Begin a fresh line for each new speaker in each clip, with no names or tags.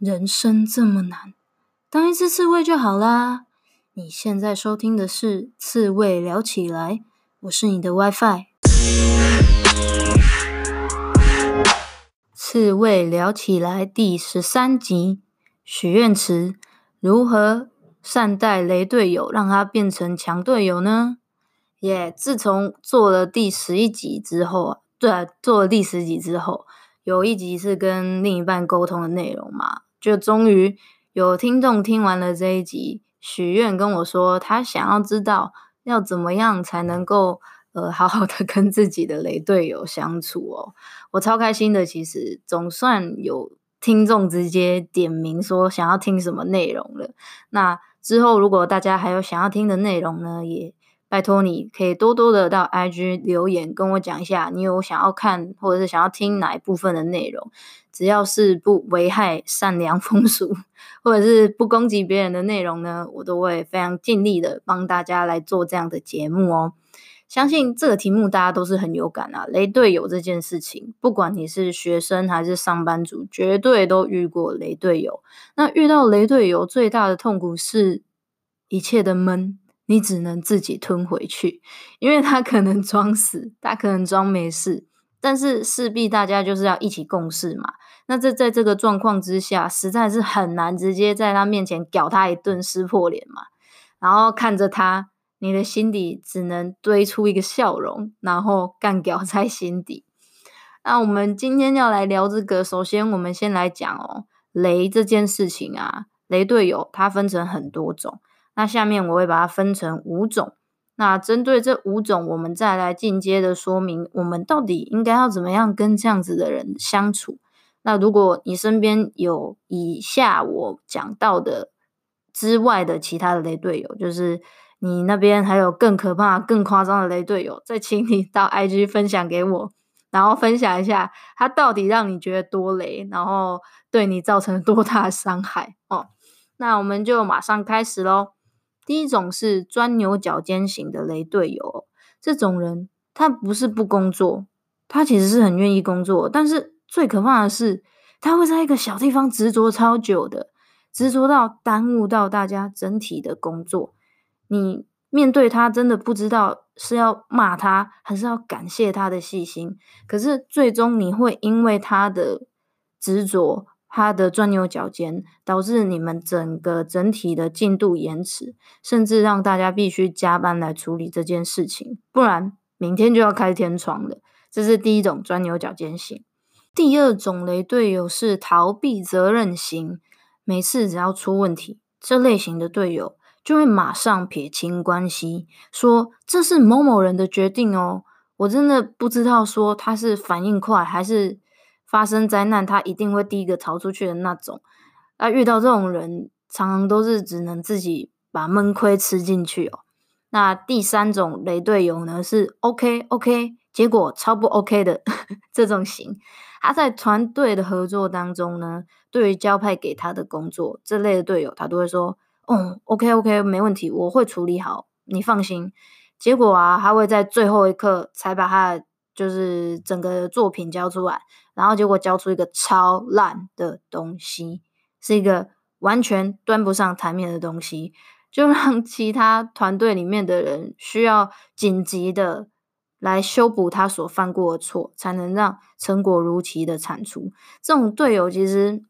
人生這麼難，當一隻刺蝟就好啦。你現在收聽的是《刺蝟聊起來》，我是你的 WiFi。《刺蝟聊起來》第十三集，許願池，如何善待雷隊友，讓他變成強隊友呢？耶、yeah,！自從做了第十一集之後，對，做了第十集之後，有一集是跟另一半溝通的內容嘛？就終於有聽眾聽完了這一集，許願跟我說他想要知道要怎麼樣才能夠呃好好的跟自己的雷隊友相處哦。我超開心的，其實總算有聽眾直接點名說想要聽什麼內容了。那之後如果大家還有想要聽的內容呢，也拜託你可以多多的到 IG 留言跟我講一下，你有想要看或者是想要聽哪一部分的內容。只要是不危害善良風俗，或者是不攻擊別人的內容呢，我都會非常盡力的幫大家來做這樣的節目哦。相信這個題目大家都是很有感啊，雷隊友這件事情，不管你是學生還是上班族，絕對都遇過雷隊友。那遇到雷隊友最大的痛苦是一切的悶，你只能自己吞回去，因為他可能裝死，他可能裝沒事，但是勢必大家就是要一起共事嘛。那這在這個狀況之下，實在是很難直接在他面前屌他一頓，撕破臉嘛。然後看着他，你的心底只能堆出一個笑容，然後乾屌在心底。那我們今天要來聊這個，首先我們先來講喔，雷這件事情啊，雷隊友它分成很多種。那下面我會把它分成五種。那針對這五種，我們再來進階的說明，我們到底應該要怎麼樣跟這樣子的人相處？那如果你身邊有以下我講到的之外的其他的雷隊友，就是你那邊還有更可怕、更誇張的雷隊友，再請你到 IG 分享給我，然後分享一下他到底讓你覺得多雷，然後對你造成多大的傷害哦。那我們就馬上開始嘍。第一種是鑽牛角尖型的雷隊友，這種人他不是不工作，他其實是很願意工作，但是。最可怕的是，他會在一個小地方執着超久的，執着到耽誤到大家整體的工作。你面對他，真的不知道是要罵他，還是要感謝他的細心。可是最終，你會因為他的執着，他的鑽牛角尖，導致你們整個整體的進度延遲，甚至讓大家必須加班來處理這件事情。不然，明天就要開天窗了。這是第一種鑽牛角尖型。第二種雷隊友是逃避責任型，每次只要出問題，這類型的隊友就會馬上撇清關係，說這是某某人的決定哦，我真的不知道說他是反應快還是發生災難，他一定會第一個逃出去的那種。啊遇到這種人，常常都是只能自己把悶虧吃進去哦。那第三種雷隊友呢，是 OK OK，結果超不 OK 的呵呵這種型。他在團隊的合作當中呢，對於交派給他的工作這類的隊友，他都會說，哦、嗯，OK OK，沒問題，我會處理好，你放心。結果啊，他會在最後一刻才把他的就是整個作品交出來，然後結果交出一個超爛的東西，是一個完全端不上台面的東西。就讓其他團隊裡面的人需要緊急的來修補他所犯過的錯，才能讓成果如期的產出。這種隊友，其實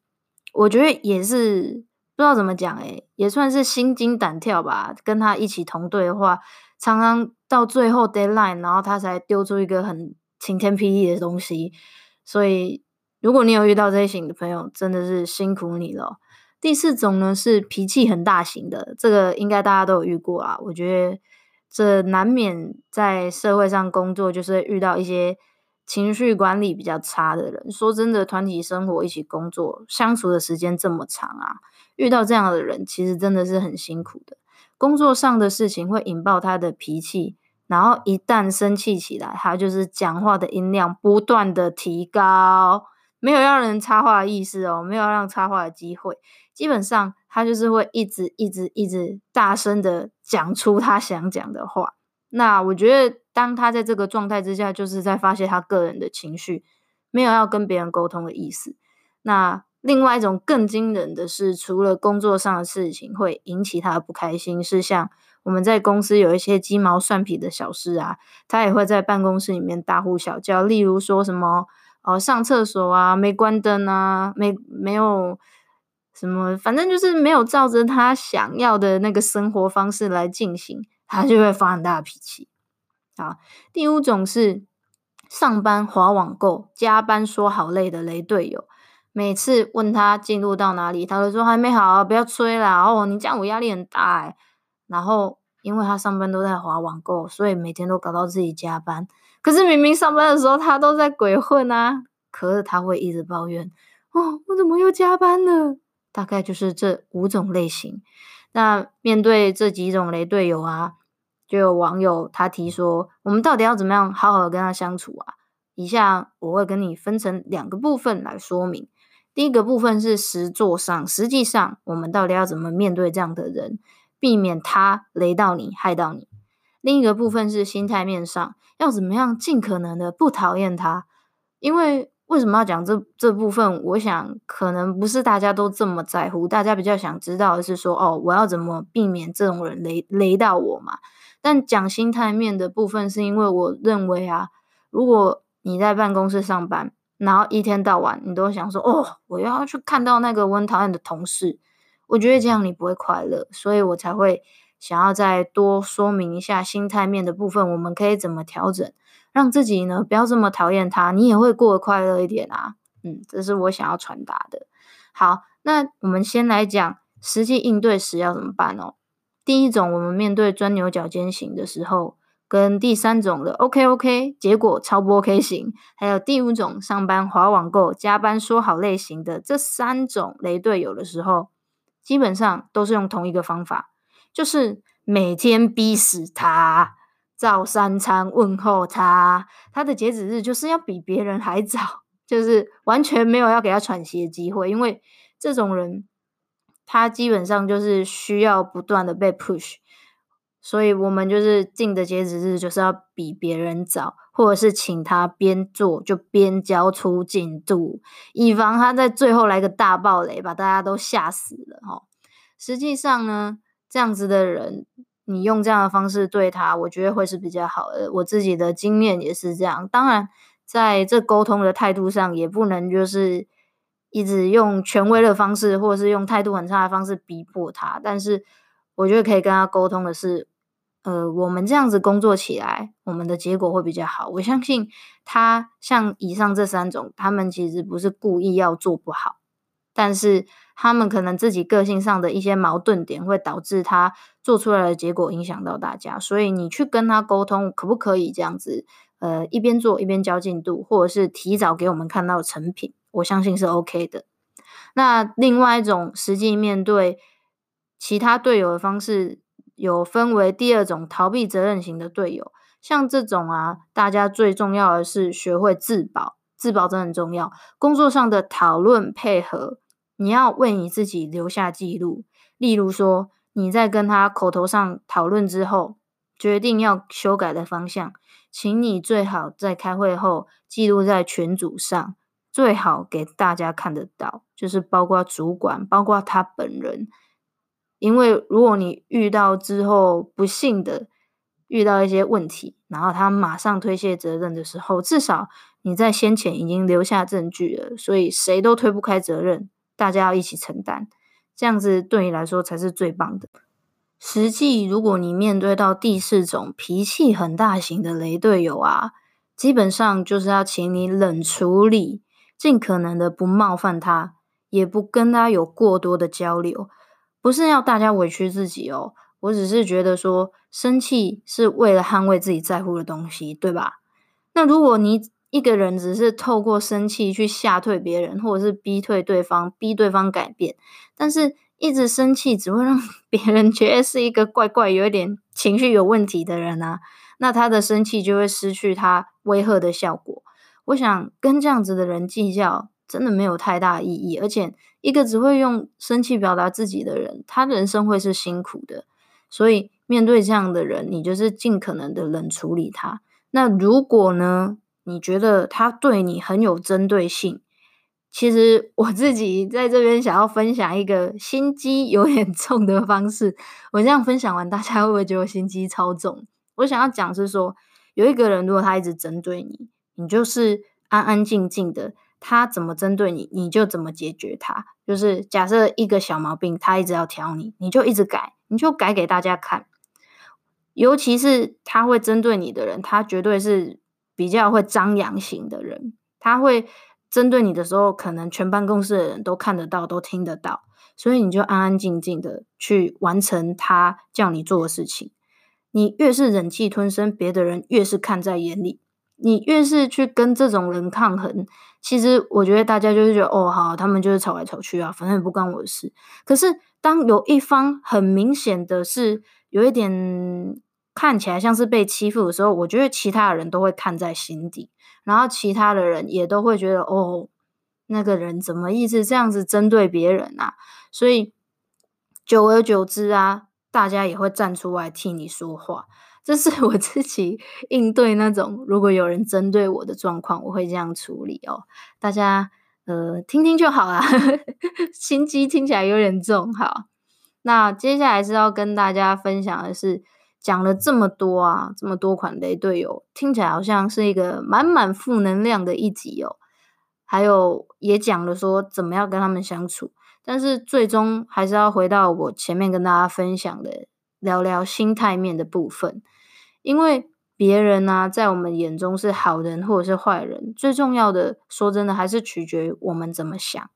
我覺得也是不知道怎麼講誒，誒也算是心驚膽跳吧。跟他一起同隊的話，常常到最後 deadline，然後他才丟出一個很晴天霹靂的東西。所以，如果你有遇到這一型的朋友，真的是辛苦你了。第四種呢，是脾氣很大型的，這個應該大家都有遇過啊。我覺得這難免在社會上工作，就是遇到一些情緒管理比較差的人。說真的，團體生活一起工作，相處的時間這麼長啊，遇到這樣的人，其實真的是很辛苦的。工作上的事情會引爆他的脾氣，然後一旦生氣起來，他就是講話的音量不斷的提高。沒有要讓人插話的意思哦，沒有讓插話的機會。基本上，他就是會一直、一直、一直大聲的講出他想講的話。那我覺得，當他在這個狀態之下，就是在發洩他個人的情緒，沒有要跟別人溝通的意思。那另外一種更驚人的是，除了工作上的事情會引起他的不開心，是像我們在公司有一些雞毛蒜皮的小事啊，他也會在辦公室裡面大呼小叫，例如說什麼。上廁所啊，沒關燈啊，沒沒有什麼，反正就是沒有照着他想要的那個生活方式來進行，他就會發很大的脾氣。啊，第五種是上班滑網購，加班說好累的雷隊友，每次問他進入到哪裡，他都說還沒好、啊，不要催啦。哦，你這樣我壓力很大哎、欸。然後因為他上班都在滑網購，所以每天都搞到自己加班。可是明明上班的時候他都在鬼混啊，可是他會一直抱怨，哦，我怎麼又加班了？大概就是這五種類型。那面對這幾種雷隊友啊，就有網友他提說，我們到底要怎麼樣好好的跟他相處啊？以下我會跟你分成兩個部分來說明。第一個部分是實作上，實際上我們到底要怎麼面對這樣的人，避免他雷到你，害到你。另一個部分是心態面上，要怎麼樣盡可能的不討厭他，因為為什麼要講這這部分？我想可能不是大家都這麼在乎，大家比較想知道的是說，哦，我要怎麼避免這種人雷雷到我嘛？但講心態面的部分，是因為我認為啊，如果你在辦公室上班，然後一天到晚你都想說，哦，我要去看到那個我很討厭的同事，我覺得這樣你不會快樂，所以我才會。想要再多說明一下心態面的部分，我們可以怎麼調整，讓自己呢不要這麼討厭他，你也會過得快樂一點啊。嗯，這是我想要傳達的。好，那我們先來講實際應對時要怎麼辦哦。第一種，我們面對鑽牛角尖型的時候，跟第三種的 OK OK 結果超不 OK 型，還有第五種上班滑網購加班說好累型的這三種雷隊友的時候，基本上都是用同一個方法。就是每天逼死他，照三餐問候他，他的截止日就是要比別人還早，就是完全沒有要給他喘息的機會。因為這種人，他基本上就是需要不斷的被 push，所以我們就是定的截止日就是要比別人早，或者是請他邊做就邊交出進度，以防他在最後來個大暴雷，把大家都嚇死了哈、哦。實際上呢。這樣子的人，你用這樣的方式對他，我覺得會是比較好的。我自己的經驗也是這樣。當然，在這溝通的態度上，也不能就是一直用權威的方式，或者是用態度很差的方式逼迫他。但是，我覺得可以跟他溝通的是，呃，我們這樣子工作起來，我們的結果會比較好。我相信他像以上這三種，他們其實不是故意要做不好。但是他們可能自己個性上的一些矛盾點，會導致他做出來的結果影響到大家。所以你去跟他溝通，可不可以這樣子？呃，一邊做一邊交進度，或者是提早給我們看到成品，我相信是 OK 的。那另外一種實際面對其他隊友的方式，有分為第二種逃避責任型的隊友，像這種啊，大家最重要的是學會自保，自保真的很重要。工作上的討論配合，你要為你自己留下記錄，例如說你在跟他口頭上討論之後，決定要修改的方向，請你最好在開會後記錄在群組上，最好給大家看得到，就是包括主管，包括他本人。因為如果你遇到之後不幸的遇到一些問題，然後他馬上推卸責任的時候，至少你在先前已經留下證據了，所以誰都推不開責任。大家要一起承擔，這樣子對你來說才是最棒的。實際，如果你面對到第四種脾氣很大型的雷隊友啊，基本上就是要請你冷處理，盡可能的不冒犯他，也不跟他有過多的交流。不是要大家委屈自己哦，我只是覺得說，生氣是為了捍衛自己在乎的東西，對吧？那如果你一個人只是透過生氣去嚇退別人，或者是逼退對方，逼對方改變，但是一直生氣只會讓別人覺得是一個怪怪、有一點情緒有問題的人啊。那他的生氣就會失去他威嚇的效果。我想跟這樣子的人計較，真的沒有太大意義。而且，一個只會用生氣表達自己的人，他人生會是辛苦的。所以，面對這樣的人，你就是盡可能的冷處理他。那如果呢？你覺得他對你很有針對性？其實我自己在這邊想要分享一個心機有點重的方式。我這樣分享完，大家會不會覺得心機超重？我想要講是說，有一個人如果他一直針對你，你就是安安靜靜的，他怎麼針對你，你就怎麼解決他。就是假設一個小毛病，他一直要挑你，你就一直改，你就改給大家看。尤其是他會針對你的人，他絕對是。比較會張揚型的人，他會針對你的時候，可能全辦公室的人都看得到，都聽得到，所以你就安安靜靜的去完成他叫你做的事情。你越是忍氣吞聲，別的人越是看在眼裡。你越是去跟這種人抗衡，其實我覺得大家就是覺得哦，好，他們就是吵來吵去啊，反正也不關我的事。可是當有一方很明顯的是有一點。看起來像是被欺負的時候，我覺得其他的人都會看在心底，然後其他的人也都會覺得，哦，那個人怎麼一直這樣子針對別人啊？所以久而久之啊，大家也會站出來替你說話。這是我自己應對那種如果有人針對我的狀況，我會這樣處理哦。大家呃，聽聽就好啦、啊、 心機聽起來有點重哈，那接下來是要跟大家分享的是。講了這麼多啊，這麼多款雷隊友，聽起來好像是一個滿滿負能量的一集哦。還有也講了說怎麼樣跟他們相處，但是最終還是要回到我前面跟大家分享的聊聊心態面的部分，因為別人呢，啊，在我們眼中是好人或者是壞人，最重要的說真的還是取決於我們怎麼想。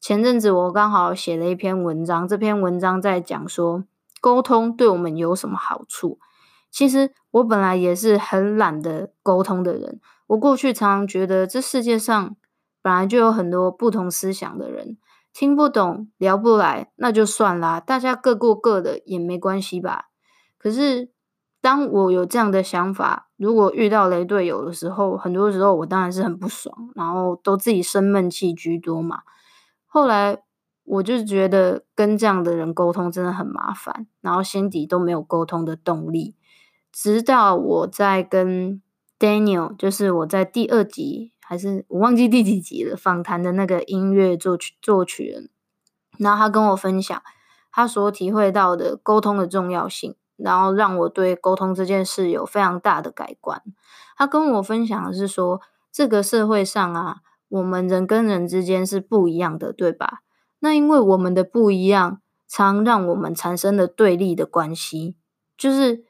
前陣子我剛好寫了一篇文章，這篇文章在講說。溝通對我們有什麼好處？其實我本來也是很懶得溝通的人，我過去常常覺得這世界上本來就有很多不同思想的人，聽不懂、聊不來，那就算啦，大家各過各的也沒關係吧。可是當我有這樣的想法，如果遇到雷隊友的時候，很多時候我當然是很不爽，然後都自己生悶氣居多嘛。後來。我就覺得跟這樣的人溝通真的很麻煩，然後心底都沒有溝通的動力。直到我在跟 Daniel，就是我在第二集還是我忘記第幾集了訪談的那個音樂作曲作曲人，然後他跟我分享他所體會到的溝通的重要性，然後讓我對溝通這件事有非常大的改觀。他跟我分享的是說，這個社會上啊，我們人跟人之間是不一樣的，對吧？那因為我們的不一樣，常讓我們產生了對立的關係，就是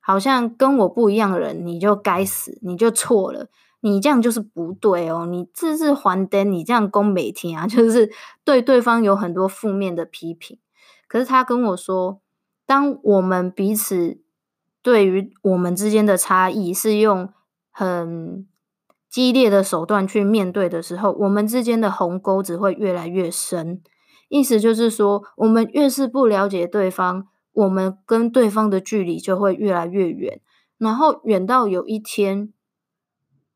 好像跟我不一樣的人，你就該死，你就錯了，你這樣就是不對哦。你字字還燈，你這樣攻每天啊，就是對對方有很多負面的批評。可是他跟我說，當我們彼此對於我們之間的差異是用很。激烈的手段去面對的時候，我們之間的鴻溝只會越來越深。意思就是說，我們越是不了解對方，我們跟對方的距離就會越來越遠，然後遠到有一天，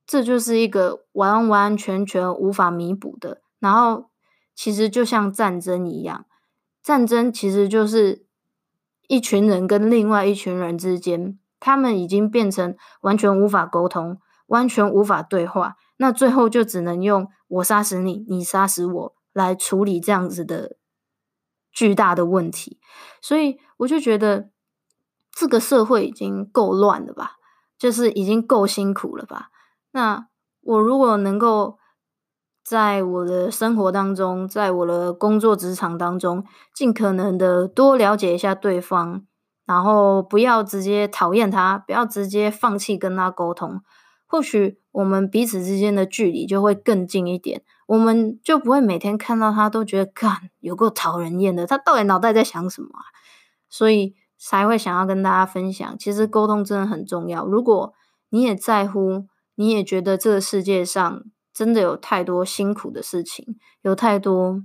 這就是一個完完全全無法彌補的。然後，其實就像戰爭一樣，戰爭其實就是一群人跟另外一群人之間，他們已經變成完全無法溝通。完全無法對話，那最後就只能用“我殺死你，你殺死我”來處理這樣子的巨大的問題。所以我就覺得這個社會已經夠亂了吧，就是已經夠辛苦了吧。那我如果能夠在我的生活當中，在我的工作職場當中，盡可能的多了解一下對方，然後不要直接討厭他，不要直接放棄跟他溝通。或許我們彼此之間的距離就會更近一點，我們就不會每天看到他都覺得幹，有夠討人厭的，他到底腦袋在想什麼啊？所以才會想要跟大家分享，其實溝通真的很重要。如果你也在乎，你也覺得這個世界上真的有太多辛苦的事情，有太多，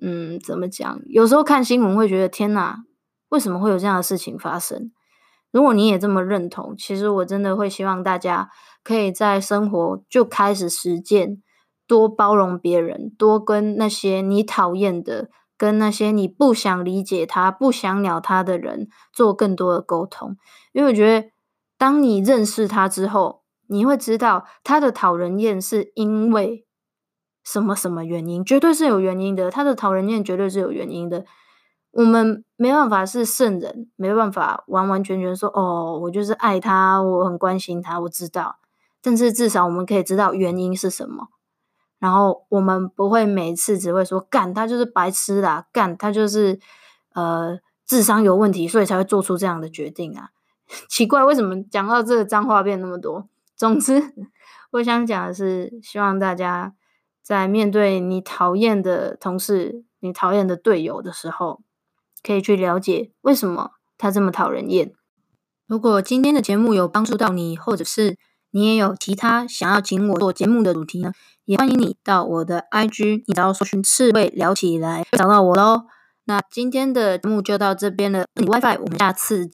嗯，怎麼講？有時候看新聞會覺得，天啊，為什麼會有這樣的事情發生？如果你也這麼認同，其實我真的會希望大家可以在生活就開始實踐，多包容別人，多跟那些你討厭的、跟那些你不想理解他、不想鳥他的人做更多的溝通。因為我覺得，當你認識他之後，你會知道他的討人厭是因為什麼什麼原因，絕對是有原因的。他的討人厭絕對是有原因的。我們沒辦法是聖人，沒辦法完完全全說哦，我就是愛他，我很關心他，我知道。但是至少我們可以知道原因是什麼，然後我們不會每次只會說幹他就是白痴啦，幹他就是呃智商有問題，所以才會做出這樣的決定啊。奇怪，為什麼講到這個髒話變那麼多？總之，我想講的是，希望大家在面對你討厭的同事、你討厭的隊友的時候。可以去了解為什麼他這麼討人厭。如果今天的節目有幫助到你，或者是你也有其他想要請我做節目的主題呢，也歡迎你到我的 IG，你找我搜尋“刺蝟”聊起來，就找到我嘍。那今天的節目就到這邊了，你 WiFi，我們下次見。